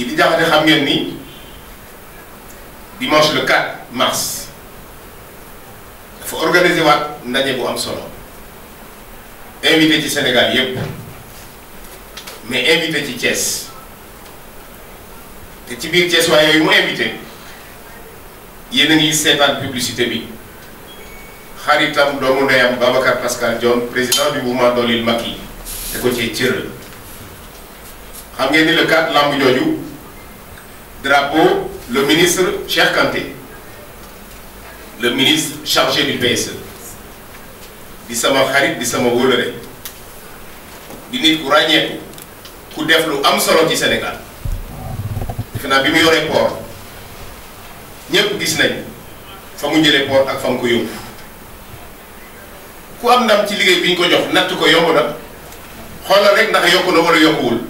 si li jaxate xam ngeen ni dimanche le 4 mars faut organiser waat ndaje bu am solo invité ci Sénégal yépp mais invité ci Thiès te ci biir Thiès waaye yooyu mu invité yéen a ngi seetaan publicité bi xaritam doomu ndeyam Babacar Pascal John, président du mouvement Dolil Macky te ko cee cëral xam ngeen ni le 4 lamb jooju drapeau le ministre Cher Kanté, le ministre chargé du PSE. di sama xarit di sama wóolare di nit ku ràññeeku ku def lu am solo ci Sénégal defe bi mu yoree port ñépp gis nañ fa mu port ak fa ko yóbbu ku am ndam ci liggéey bi ko jox natt ko yomb na rek ndax yokku na wala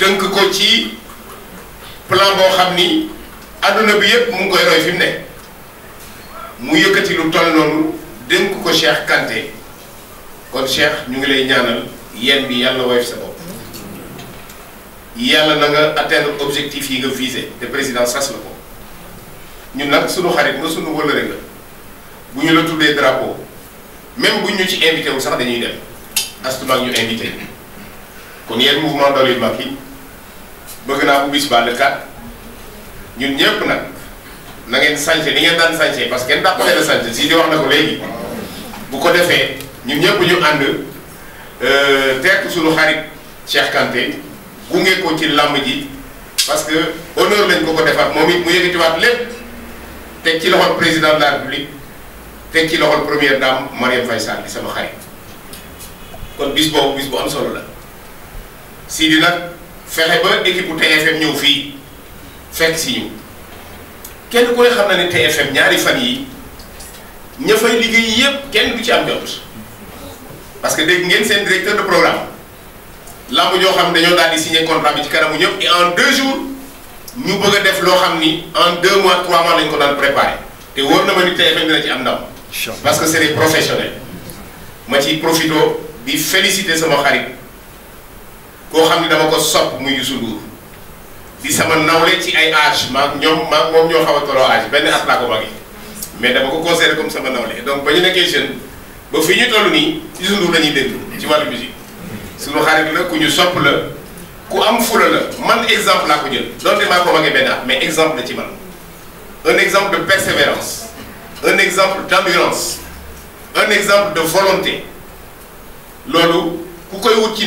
tënk ko ci plan boo xam ni adduna bi yëpp mu ngi koy roy fi mu ne mu yëkkati lu toll noonu dénk ko Cheikh Kanté kon Cheikh ñu ngi lay ñaanal yéen bi yàlla woyof sa bopp yàlla na nga atteindre objectif yi nga visé te président sas la ko ñun nag sunu xarit suñu sunu wëlëre nga bu ñu la tuddee drapeau même bu ñu ci invité wu sax dañuy dem astuma ak ñu invité kon yéen mouvement Dolli Macky bëgg naa ubbi subaa le 4 ñun ñëpp nag na ngeen sañse ni ngeen daan sañse parce que ndax daa ko leen a si di wax na ko léegi bu ko defee ñun ñëpp ñu ànd teertu suñu xarit Cheikh Kanté gunge ko ci lamb ji parce que honneur lañ ko ko defaat moom it mu waat lépp teg ci loxol président de la république teg ci loxol première dame Mariam Faye Sall sama xarit kon bis boobu bis bu am solo la si di nag. fexe ba équipe bu TFM ñëw fii fekk si ñu kenn ku ne xam na ne TFM ñaari fan yi ña fay liggéey yépp kenn du ci am jot parce que dégg ngeen seen directeur de programme lamb joo xam ne dañoo daal di signé contrat bi ci kanamu ñëpp et en deux jours ñu bëgg a def loo xam ni en deux mois trois mois lañ ko daan préparé te wóor na ma ni TFM dina ci am ndam. parce que c'est des professionnels ma ci profito di féliciter sama xarit koo ne dama ko sopp je ne Ndour di sama nawle ci ay âge je ñoom un moom ñoo a âge Mais ko magi mais comme sama donc ba ñu ba musique la ku ñu la un la exemple vous ko jël exemple un exemple de persévérance un exemple d'ambulance un exemple de volonté loolu ku koy wut ci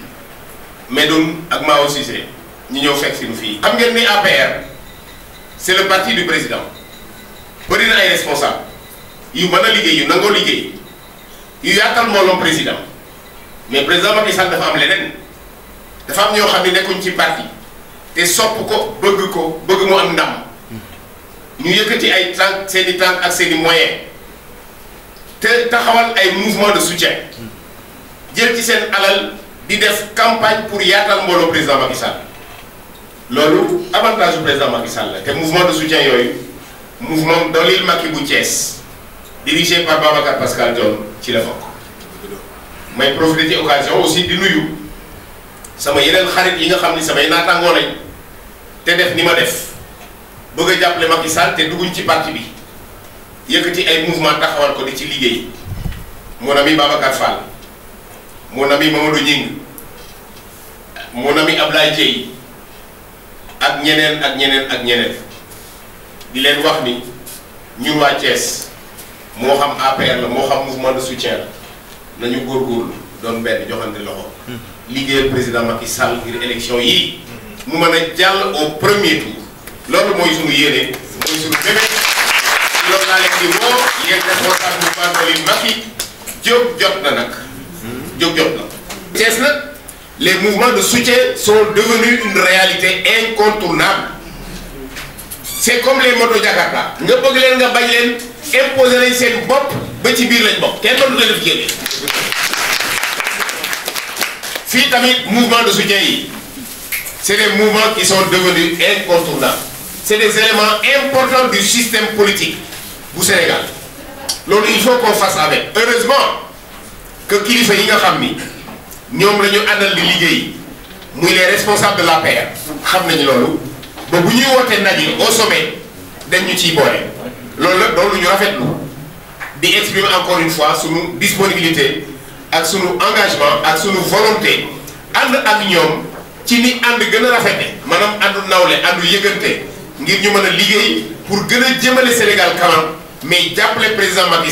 Medun ak Mao Cissé ñi ñëw fekk si ñu fii xam ngeen ni APR c'est le parti du président bëri na ay responsable yu mën a liggéey yu nangoo liggéey yu yaatal mbooloom président mais président Macky Sall dafa am leneen dafa am ñoo xam ne nekkuñ ci parti te sopp ko bëgg ko bëgg mu am ndam ñu yëkkati ay tànk seen i tànk ak seen i moyen te taxawal ay mouvement de soutien jël ci seen alal di def campagne pour yaatal mbooloo président Macky Sall loolu avantage bu président Macky Sall la te mouvement de soutien yooyu mouvement Dolil Macky bu Thiès dirigé par Babacar Pascal Dione ci la bokk may profité ci occasion aussi di nuyu sama yeneen xarit yi nga xam ni samay naataangoo lañ te def ni ma def bëgg a jàppale Macky Sall te dugguñ ci parti bi yëkkati ay mouvement taxawal ko di ci liggéey mon ami Babacar Fall. mon ami Mamadou Gning mon ami Ablaye Dieye ak ñeneen ak ñeneen ak ñeneen di leen wax ni ñun waa Thiès moo xam APR la moo xam mouvement de soutien la nañu góorgóorlu doon benn joxante loxo hmm. liggéeyal président Macky Sall ngir élection yii hmm. mu mën a jàll au premier tour loolu mooy suñu yéene mooy suñu bébé loolu laa leen di woo yéen responsable mouvement Dolli Macky jóg jot na nag les mouvements de soutien sont devenus une réalité incontournable c'est comme les motos Jakarta mouvement de soutien c'est des mouvements qui sont devenus incontournables c'est des éléments importants du système politique vous Sénégal il faut qu'on fasse avec heureusement que kilifa yi nga ñoom la les responsables de la paix nañu loolu ba bu au sommet dañ ñu ciy boole loolu la ñu exprimer encore une fois sunu disponibilité ak sunu engagement ak sunu volonté ànd ak ñoom ci ni ànd gën a rafete maanaam àndu ngir ñu pour a Sénégal kanam mais le président Macky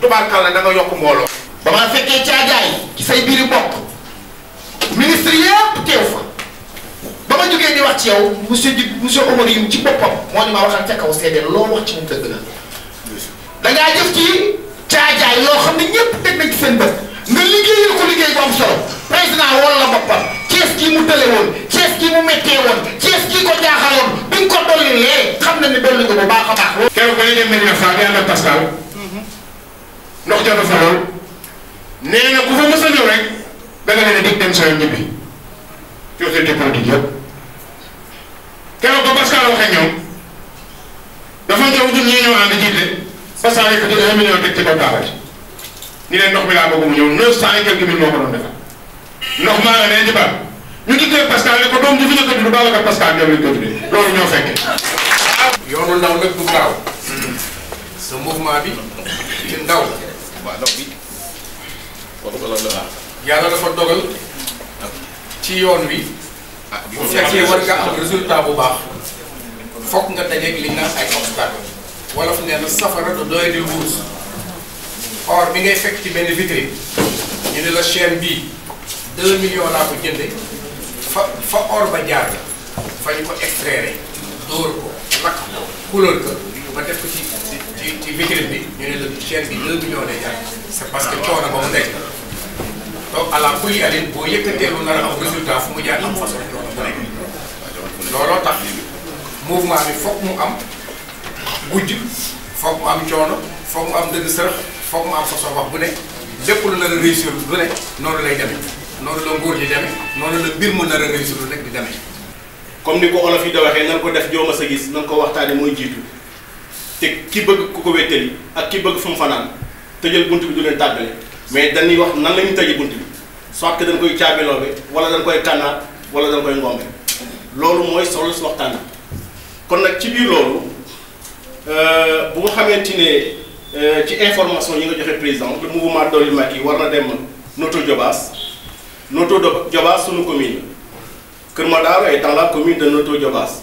tubaarkàlla da nga yokk mbooloo. ba ma fekkee caajaay ci say biiri bopp ministre yëpp teew fa ba ma jógee di wax ci yow monsieur di monsieur Omar yi ci boppam moo ni ma waxal ca kaw seedeel loo wax ci moom dëgg la da ngaa loo xam ne ñëpp teg nañ ci seen bët nga liggéeyal ko liggéey bu am solo président wol la boppam Cees kii mu tële woon Cees kii mu méttee woon Cees kii ko jaaxaloon bi ko dolli lee xam na ne dolli ko bu baax a baax. keroog ba ñu dem Medina Fall yàlla Pascal. ndox jafe fa lool nee na ku fa mës a ñëw rek da nga leen di dem sa yoon ñibbi ci autorité politique yëpp keroog ba Pascal waxee ñoom dafa ñëw ñun ñii ñëw ànd jiite Pascal yëkkati un million teg ci kaw taabal ni leen ndox mi laa bëgg mu ñëw neuf cent et quelques mille moo ko doon defal ndox maa nga nee ci ba ñu tuddee Pascal ne ko doom ji fi ñu ko tudd Babacar Pascal ñoom lañ ko tuddee loolu ñoo fekkee. yoonu ndaw nag du gaaw. sa mouvement bi ci ndaw bi kooku loolu la. yàlla dafa dogal ci yoon wi. ah bu fekkee war nga am résultat bu baax. foog nga dajeeg li nga ay obstacle wolof nee safara du doy di wuus or bi ngay fekk ci benn vitrine ñu ne la chaîne bi deux millions laa ko jënde fa fa or ba jaar fa ñu ko extraire dóor ko lakk ko couleur ba def ko ci ci ci vitrine bi ñu ne la chaîne bi 2 millions lay parce que coono ba mu nekk donc à la kulli alin boo yëkkatee lu nar a am résultat fu mu am façon coono bu nekk looloo mu am gujj foog mu am coono foog mu am dëgg sërëx foog mu am façon bu nekk lépp lu a réussir lu nekk noonu la nguur ji demee noonu a réussir lu nekk di demee comme ni ko olof yi da waxee na ko def jooma sa gis na nga ko waxtaane mooy jiitu te ki bëgg ku ko wéttali ak ki bëgg fu mu fanaan tëjal bunt bi du leen tàggale mais dañuy wax nan la ñuy tëjee bunt bi soit que dañ koy caabi loobe wala dañ koy kànnaat wala dañ koy ngombe loolu mooy sol si waxtaan kon nag ci biir loolu euh, bu nga xamante ne euh, ci information yi nga joxe président le mouvement Dolli Macky war na dem Notto Diobass Notto Diobass sunu commune Kër Madar est dans la commune de Notto jobaas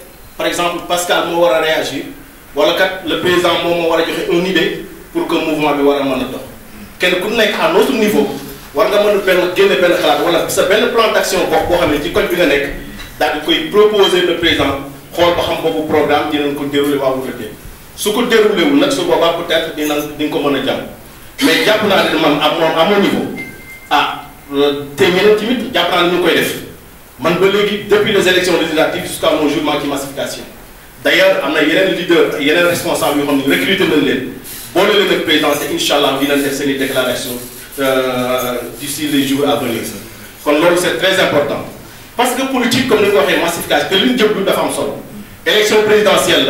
par exemple Pascal moo war a réagir wala kat le président moom moo war a joxe une idée pour que mouvement bi war a mën a dox kenn ku nekk à notre niveau war nga mën a benn génne benn xalaat wala sa benn plan d' action gox boo xam ne ci code bi nga nekk daal di koy proposer le président xool ba xam boobu programme dinañ ko déroulé waa wala déet su ko déroulé wul nag su boobaa peut être dina di nga ko mën a jàmm mais jàpp naa ne man à mon à niveau ah euh, te ñeneen tamit jàpp naa ne ñu koy def man ba léegi depuis les élections législatives jusqu'à mon jugement de massification D'ailleurs, ailleurs am na yeneen leader yeneen responsable yoo xam ne recruté nañ leen boole leen président te incha a dinañ def déclaration euh, d'ici les jours à venir kon loolu très important parce que politique comme ni nga ko waxee massification que li ñu groupes dafa am solo élection présidentielle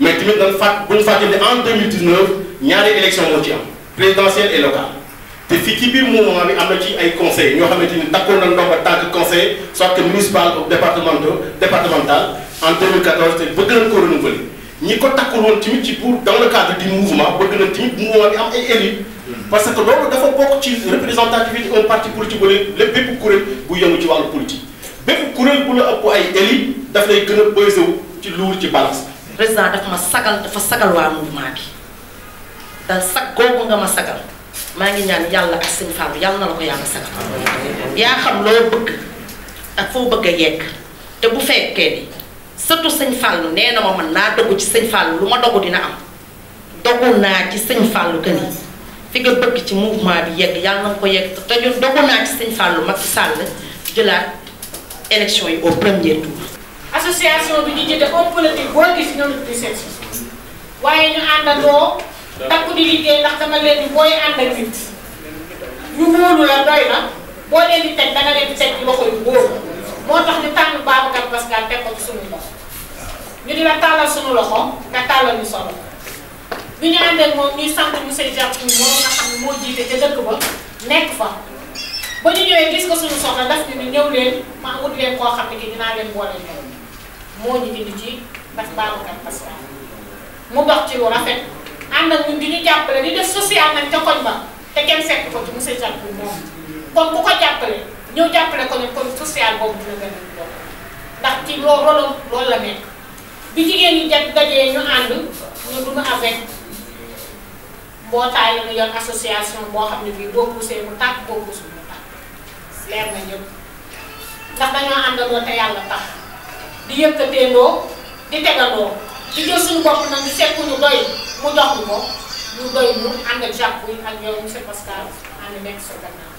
mais tamit fa bu ñu en 2019 ñaari élection moo ci am présidentielle et locale te fii mouvement bi am na ci ay conseils ñoo xamante ni takkoon nañ ndox ba tant que conseil soit que municipal ou départemental départemental en 2014 c'est bëgg nañ ko renouveler ñi ko takkul woon tamit ci pour dans le cadre du mouvement bëgg nañ tamit mouvement bi am ay élus. parce que loolu dafa bokk ci représentativité un parti politique wala lépp bépp kuréel bu yëngu ci wàllu politique bépp kuréel bu la ëpp ay élus daf lay gën a pesé wu ci luur ci balance président dafa ma sagal dafa sagal waa mouvement bi te sag googu nga ma sagal. maa ngi ñaan yàlla ak sëñ Fallou yàlla na la ko yàlla sagal yaa xam loo bëgg ak foo bëgg a yegg te bu fekkee ni surtout sëñ Fallou nee na ma man naa dogu ci sëñ Fallou lu ma dogu dina am dogu naa ci sëñ Fallou que ni fi bëgg ci mouvement bi yegg yàlla na nga ko yegg te ñun dogu naa ci sëñ Fallou Macky Sall jëlaat élection yi au premier tour. association bi ñu jëte homme politique boo gis ñoom ñu waaye ñu àndandoo. takku di liggéey ndax dama leen di booy ànd ak nit ñu wóolu la doy na boo leen di teg danga leen teg ci loxo yu wóor moo tax ñu tànn Babacar Pascal teg ko ci suñu loxo ñu di la tàllal suñu loxo nga tàllal ñu solo bi ñu àndal moom ñuy sant monsieur Diakhoum moom nga xam ne moo jiite ca dëkk ba nekk fa ba ñu ñëwee gis ko suñu soxla daf ñu ni ñëw leen ma wut leen koo xam ne ki dinaa leen boole ñëw moo ñu indi ci ndax Babacar Pascal mu dox ci lu rafet. ànd na ñun di ñu jàppale di def social nag ca koñ ba te kenn fekk ko ci monsieur Diack bi moom kon ko jàppale ñëw jàppale ko ñu kon social boobu dina gën a doon ndax ci loo rôlam la nekk bi jigéen ñi jag dajee ñu ànd ñu duñu avec mbootaay la ñu association boo xam ne bii boo poussé mu tàkk boo poussé mu leer na ñëpp ndax dañoo àndandoo te yàlla tax di yëkkateendoo di tegandoo di jël suñu bopp nag ñu seet ku ñu doy mu jox ñu ko ñu sa gannaaw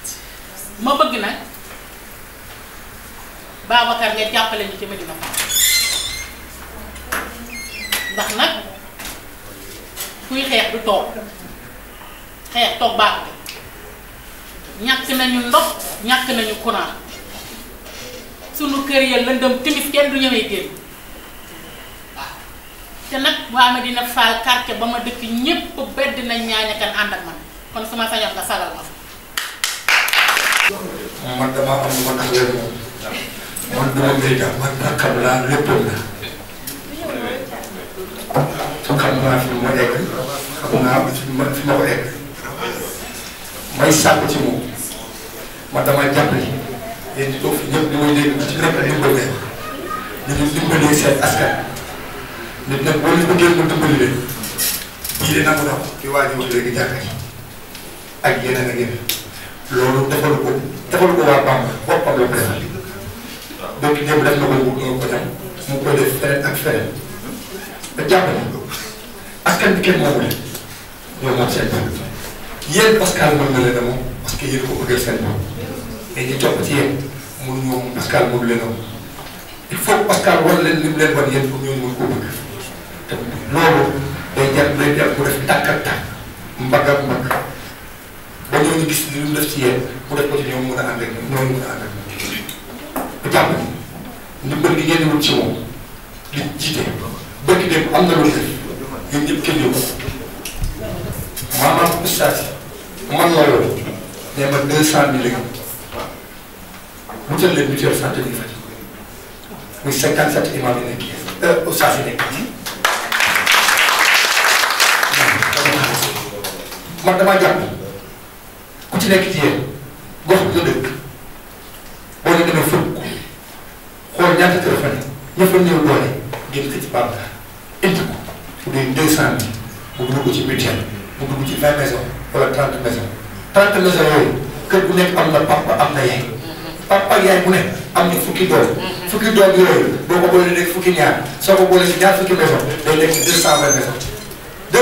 ma bëgg nag Babacar nga jàppale ñu ci Medina Fall ndax nag kuy xeex du toog xeex toog baaxul ñàkk nañu ndox ñàkk nañu courant sunu kër ya lëndëm timis kenn du ñëwee génn te nag waa Medina Fall quartier ba ma dëkk ñépp bedd nañ ñaaña kan ànd ak man kon su ma sañoon nga ma man damaa am ma man duma béykat man rakkam laa léppam ma egg xam naa fi ma fi ma ko egg may sàkk ci moom man damay jàppale yéen di toog fi di may dégg ci nekk dañu ko nekk ñu ngi dimbalee seen askan ñun ñëpp wala ñu gën mënta bëri leen kii de nangu na ko ci waa ji wax léegi jàkka ak yeneen ak yeneen loolu defal ko ko waa Bamba boppam la ko defal donc ñëpp def na ko mu ko tam mu ko def feneen ak feneen ba jàpp nañu askan bi kenn moomu leen ñoom moom seen bopp yéen Pascal mën na leen a moom parce que yéen ko bëggal seen bopp mais ñu topp ci yéen mënuñoo Pascal mënu leen a moom il faut Pascal war leen lim leen wan yéen pour ñooñu mën koo bëgg. te loolu day jar day jar bu def tàkk ak tàkk li mu def ci yéen bu def ko ci ñoom mën a ànd ak ñoom mën a ànd ak ba jàpp ndimbal gi ngeen wut ci moom li jiite bëgg dem am na lu def ñun ñëpp kenn yow maanaam ustaas man la yoon nee ma deux cent mille wutal leen mutuelle santé bi Fatick muy cinquante sept imam yi nekk euh, ustaas nekk man damaa jàpp ku ci nekk ci yéen gox bi nga dëkk boo leen demee fukk xool ñaata téléphone ña fa néew doole génn ko ci banque indi ko bu dee deux cent mille mu dugg ko ci mutuelle mu dugg ci vingt maison nekk am na papa am na yaay papa ak yaay bu nekk am na fukki doom fukki doom yooyu boo o boolee nekk fukki ñaar o ko boolee si ñaar fukki maison day nekk deux cent vingt maison